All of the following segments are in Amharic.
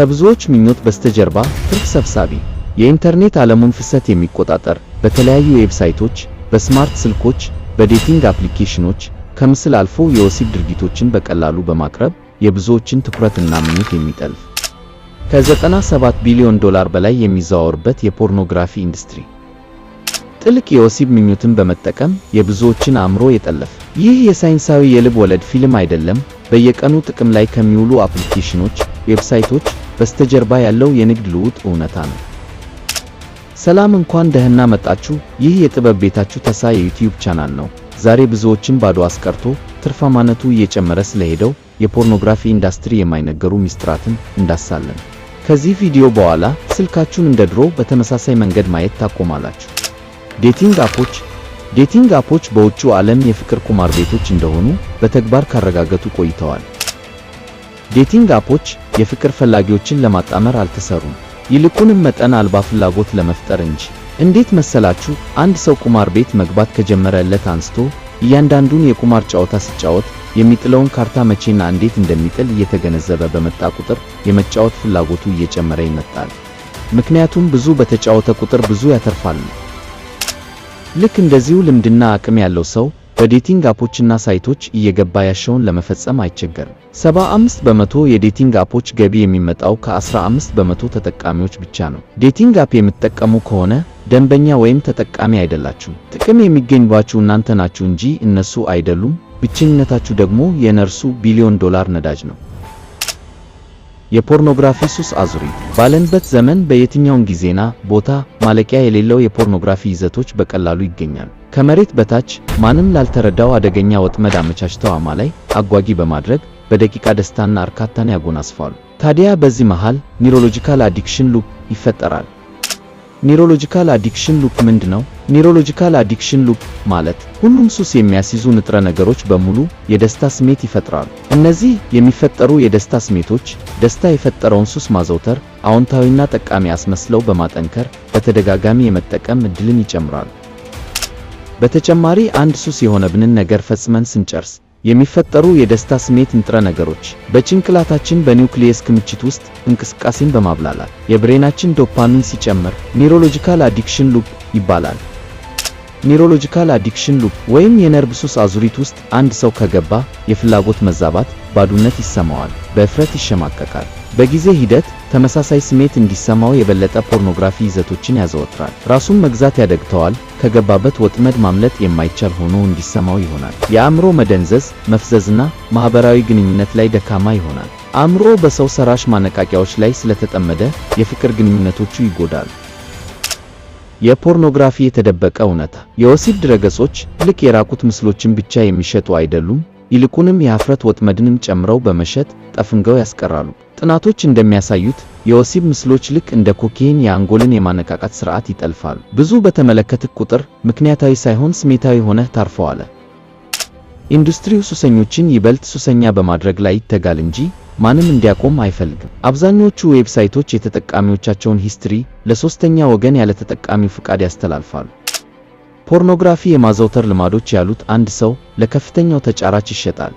ከብዙዎች ምኞት በስተጀርባ ትርፍ ሰብሳቢ የኢንተርኔት ዓለሙን ፍሰት የሚቆጣጠር በተለያዩ ዌብሳይቶች፣ በስማርት ስልኮች፣ በዴቲንግ አፕሊኬሽኖች ከምስል አልፎ የወሲብ ድርጊቶችን በቀላሉ በማቅረብ የብዙዎችን ትኩረትና ምኞት የሚጠልፍ ከ97 ቢሊዮን ዶላር በላይ የሚዘዋወርበት የፖርኖግራፊ ኢንዱስትሪ ጥልቅ የወሲብ ምኞትን በመጠቀም የብዙዎችን አእምሮ የጠለፈ ይህ የሳይንሳዊ የልብ ወለድ ፊልም አይደለም። በየቀኑ ጥቅም ላይ ከሚውሉ አፕሊኬሽኖች፣ ዌብሳይቶች በስተጀርባ ያለው የንግድ ልውውጥ እውነታ ነው። ሰላም፣ እንኳን ደህና መጣችሁ። ይህ የጥበብ ቤታችሁ ተሳ የዩቲዩብ ቻናል ነው። ዛሬ ብዙዎችን ባዶ አስቀርቶ ትርፋማነቱ እየጨመረ ስለሄደው የፖርኖግራፊ ኢንዳስትሪ የማይነገሩ ሚስጥራትን እንዳሳለን። ከዚህ ቪዲዮ በኋላ ስልካችሁን እንደ ድሮ በተመሳሳይ መንገድ ማየት ታቆማላችሁ። ዴቲንግ አፖች ዴቲንግ አፖች በውጭው ዓለም የፍቅር ቁማር ቤቶች እንደሆኑ በተግባር ካረጋገጡ ቆይተዋል። ዴቲንግ አፖች የፍቅር ፈላጊዎችን ለማጣመር አልተሰሩም፣ ይልቁንም መጠን አልባ ፍላጎት ለመፍጠር እንጂ። እንዴት መሰላችሁ? አንድ ሰው ቁማር ቤት መግባት ከጀመረለት አንስቶ እያንዳንዱን የቁማር ጨዋታ ሲጫወት የሚጥለውን ካርታ መቼና እንዴት እንደሚጥል እየተገነዘበ በመጣ ቁጥር የመጫወት ፍላጎቱ እየጨመረ ይመጣል። ምክንያቱም ብዙ በተጫወተ ቁጥር ብዙ ያተርፋሉ። ልክ እንደዚሁ ልምድና አቅም ያለው ሰው በዴቲንግ አፖችና ሳይቶች እየገባ ያሻውን ለመፈጸም አይቸገርም። 75 በመቶ የዴቲንግ አፖች ገቢ የሚመጣው ከ15 በመቶ ተጠቃሚዎች ብቻ ነው። ዴቲንግ አፕ የምትጠቀሙ ከሆነ ደንበኛ ወይም ተጠቃሚ አይደላችሁም። ጥቅም የሚገኝባችሁ እናንተ ናችሁ እንጂ እነሱ አይደሉም። ብቸኝነታችሁ ደግሞ የነርሱ ቢሊዮን ዶላር ነዳጅ ነው። የፖርኖግራፊ ሱስ አዙሪት ባለንበት ዘመን በየትኛው ጊዜና ቦታ ማለቂያ የሌለው የፖርኖግራፊ ይዘቶች በቀላሉ ይገኛሉ። ከመሬት በታች ማንም ላልተረዳው አደገኛ ወጥመድ አመቻችተው አማላይ አጓጊ በማድረግ በደቂቃ ደስታና እርካታን ያጎናስፋሉ። ታዲያ በዚህ መሃል ኒውሮሎጂካል አዲክሽን ሉፕ ይፈጠራል። ኒውሮሎጂካል አዲክሽን ሉፕ ምንድ ነው? ኒውሮሎጂካል አዲክሽን ሉፕ ማለት ሁሉም ሱስ የሚያስይዙ ንጥረ ነገሮች በሙሉ የደስታ ስሜት ይፈጥራሉ። እነዚህ የሚፈጠሩ የደስታ ስሜቶች ደስታ የፈጠረውን ሱስ ማዘውተር፣ አዎንታዊና ጠቃሚ አስመስለው በማጠንከር በተደጋጋሚ የመጠቀም ዕድልን ይጨምራሉ። በተጨማሪ አንድ ሱስ የሆነብንን ነገር ፈጽመን ስንጨርስ የሚፈጠሩ የደስታ ስሜት ንጥረ ነገሮች በጭንቅላታችን በኒውክሊየስ ክምችት ውስጥ እንቅስቃሴን በማብላላት የብሬናችን ዶፓሚን ሲጨምር ኒውሮሎጂካል አዲክሽን ሉፕ ይባላል። ኒውሮሎጂካል አዲክሽን ሉፕ ወይም የነርቭ ሱስ አዙሪት ውስጥ አንድ ሰው ከገባ የፍላጎት መዛባት፣ ባዱነት ይሰማዋል፣ በእፍረት ይሸማቀቃል። በጊዜ ሂደት ተመሳሳይ ስሜት እንዲሰማው የበለጠ ፖርኖግራፊ ይዘቶችን ያዘወትራል። ራሱን መግዛት ያደግተዋል፣ ከገባበት ወጥመድ ማምለጥ የማይቻል ሆኖ እንዲሰማው ይሆናል። የአእምሮ መደንዘዝ፣ መፍዘዝና ማህበራዊ ግንኙነት ላይ ደካማ ይሆናል። አእምሮ በሰው ሰራሽ ማነቃቂያዎች ላይ ስለተጠመደ የፍቅር ግንኙነቶቹ ይጎዳል። የፖርኖግራፊ የተደበቀ እውነታ የወሲብ ድረገጾች ልክ የራቁት ምስሎችን ብቻ የሚሸጡ አይደሉም፣ ይልቁንም የአፍረት ወጥመድንም ጨምረው በመሸጥ ጠፍንገው ያስቀራሉ። ጥናቶች እንደሚያሳዩት የወሲብ ምስሎች ልክ እንደ ኮኬይን የአንጎልን የማነቃቃት ስርዓት ይጠልፋሉ። ብዙ በተመለከትክ ቁጥር ምክንያታዊ ሳይሆን ስሜታዊ ሆነህ ታርፈዋለህ። ኢንዱስትሪው ሱሰኞችን ይበልጥ ሱሰኛ በማድረግ ላይ ይተጋል እንጂ ማንም እንዲያቆም አይፈልግም። አብዛኞቹ ዌብሳይቶች የተጠቃሚዎቻቸውን ሂስትሪ ለሶስተኛ ወገን ያለ ተጠቃሚው ፍቃድ ያስተላልፋሉ። ፖርኖግራፊ የማዘውተር ልማዶች ያሉት አንድ ሰው ለከፍተኛው ተጫራች ይሸጣል።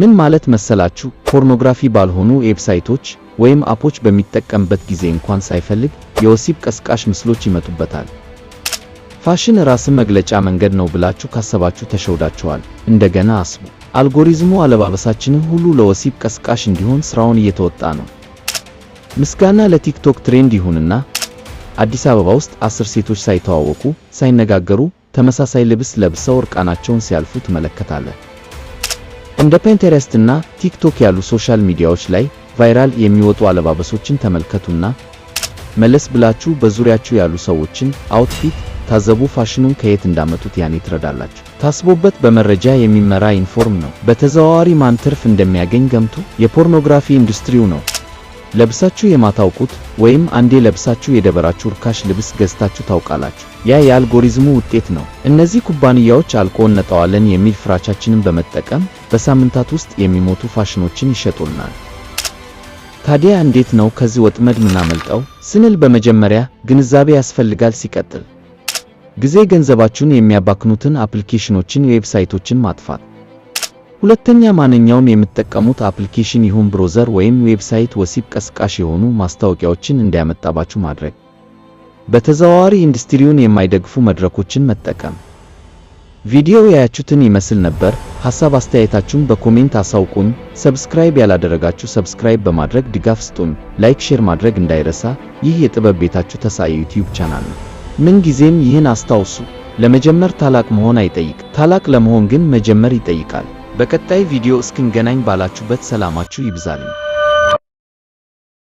ምን ማለት መሰላችሁ? ፖርኖግራፊ ባልሆኑ ዌብሳይቶች ወይም አፖች በሚጠቀምበት ጊዜ እንኳን ሳይፈልግ የወሲብ ቀስቃሽ ምስሎች ይመጡበታል። ፋሽን ራስን መግለጫ መንገድ ነው ብላችሁ ካሰባችሁ ተሸውዳችኋል። እንደገና አስቡ። አልጎሪዝሙ አለባበሳችንን ሁሉ ለወሲብ ቀስቃሽ እንዲሆን ስራውን እየተወጣ ነው። ምስጋና ለቲክቶክ ትሬንድ ይሁንና አዲስ አበባ ውስጥ አስር ሴቶች ሳይተዋወቁ ሳይነጋገሩ ተመሳሳይ ልብስ ለብሰው እርቃናቸውን ሲያልፉ ትመለከታለን። እንደ ፒንተረስት እና ቲክቶክ ያሉ ሶሻል ሚዲያዎች ላይ ቫይራል የሚወጡ አለባበሶችን ተመልከቱና መለስ ብላችሁ በዙሪያችሁ ያሉ ሰዎችን አውትፊት ታዘቡ። ፋሽኑን ከየት እንዳመጡት ያኔ ትረዳላችሁ። ታስቦበት በመረጃ የሚመራ ኢንፎርም ነው። በተዘዋዋሪ ማን ትርፍ እንደሚያገኝ ገምቱ። የፖርኖግራፊ ኢንዱስትሪው ነው። ለብሳችሁ የማታውቁት ወይም አንዴ ለብሳችሁ የደበራችሁ ርካሽ ልብስ ገዝታችሁ ታውቃላችሁ። ያ የአልጎሪዝሙ ውጤት ነው። እነዚህ ኩባንያዎች አልኮ ነጠዋለን የሚል ፍራቻችንን በመጠቀም በሳምንታት ውስጥ የሚሞቱ ፋሽኖችን ይሸጡልናል። ታዲያ እንዴት ነው ከዚህ ወጥመድ ምናመልጠው ስንል በመጀመሪያ ግንዛቤ ያስፈልጋል። ሲቀጥል ጊዜ ገንዘባችሁን የሚያባክኑትን አፕሊኬሽኖችን፣ ዌብሳይቶችን ማጥፋት። ሁለተኛ ማንኛውም የምትጠቀሙት አፕሊኬሽን ይሁን ብሮዘር ወይም ዌብሳይት ወሲብ ቀስቃሽ የሆኑ ማስታወቂያዎችን እንዳያመጣባችሁ ማድረግ። በተዘዋዋሪ ኢንዱስትሪውን የማይደግፉ መድረኮችን መጠቀም። ቪዲዮው ያያችሁትን ይመስል ነበር። ሐሳብ አስተያየታችሁን በኮሜንት አሳውቁን። ሰብስክራይብ ያላደረጋችሁ ሰብስክራይብ በማድረግ ድጋፍ ስጡን። ላይክ፣ ሼር ማድረግ እንዳይረሳ። ይህ የጥበብ ቤታችሁ ተሳይ ዩቲዩብ ቻናል ነው። ምንጊዜም ይህን አስታውሱ፣ ለመጀመር ታላቅ መሆን አይጠይቅ፣ ታላቅ ለመሆን ግን መጀመር ይጠይቃል። በቀጣይ ቪዲዮ እስክንገናኝ ባላችሁበት ሰላማችሁ ይብዛልን።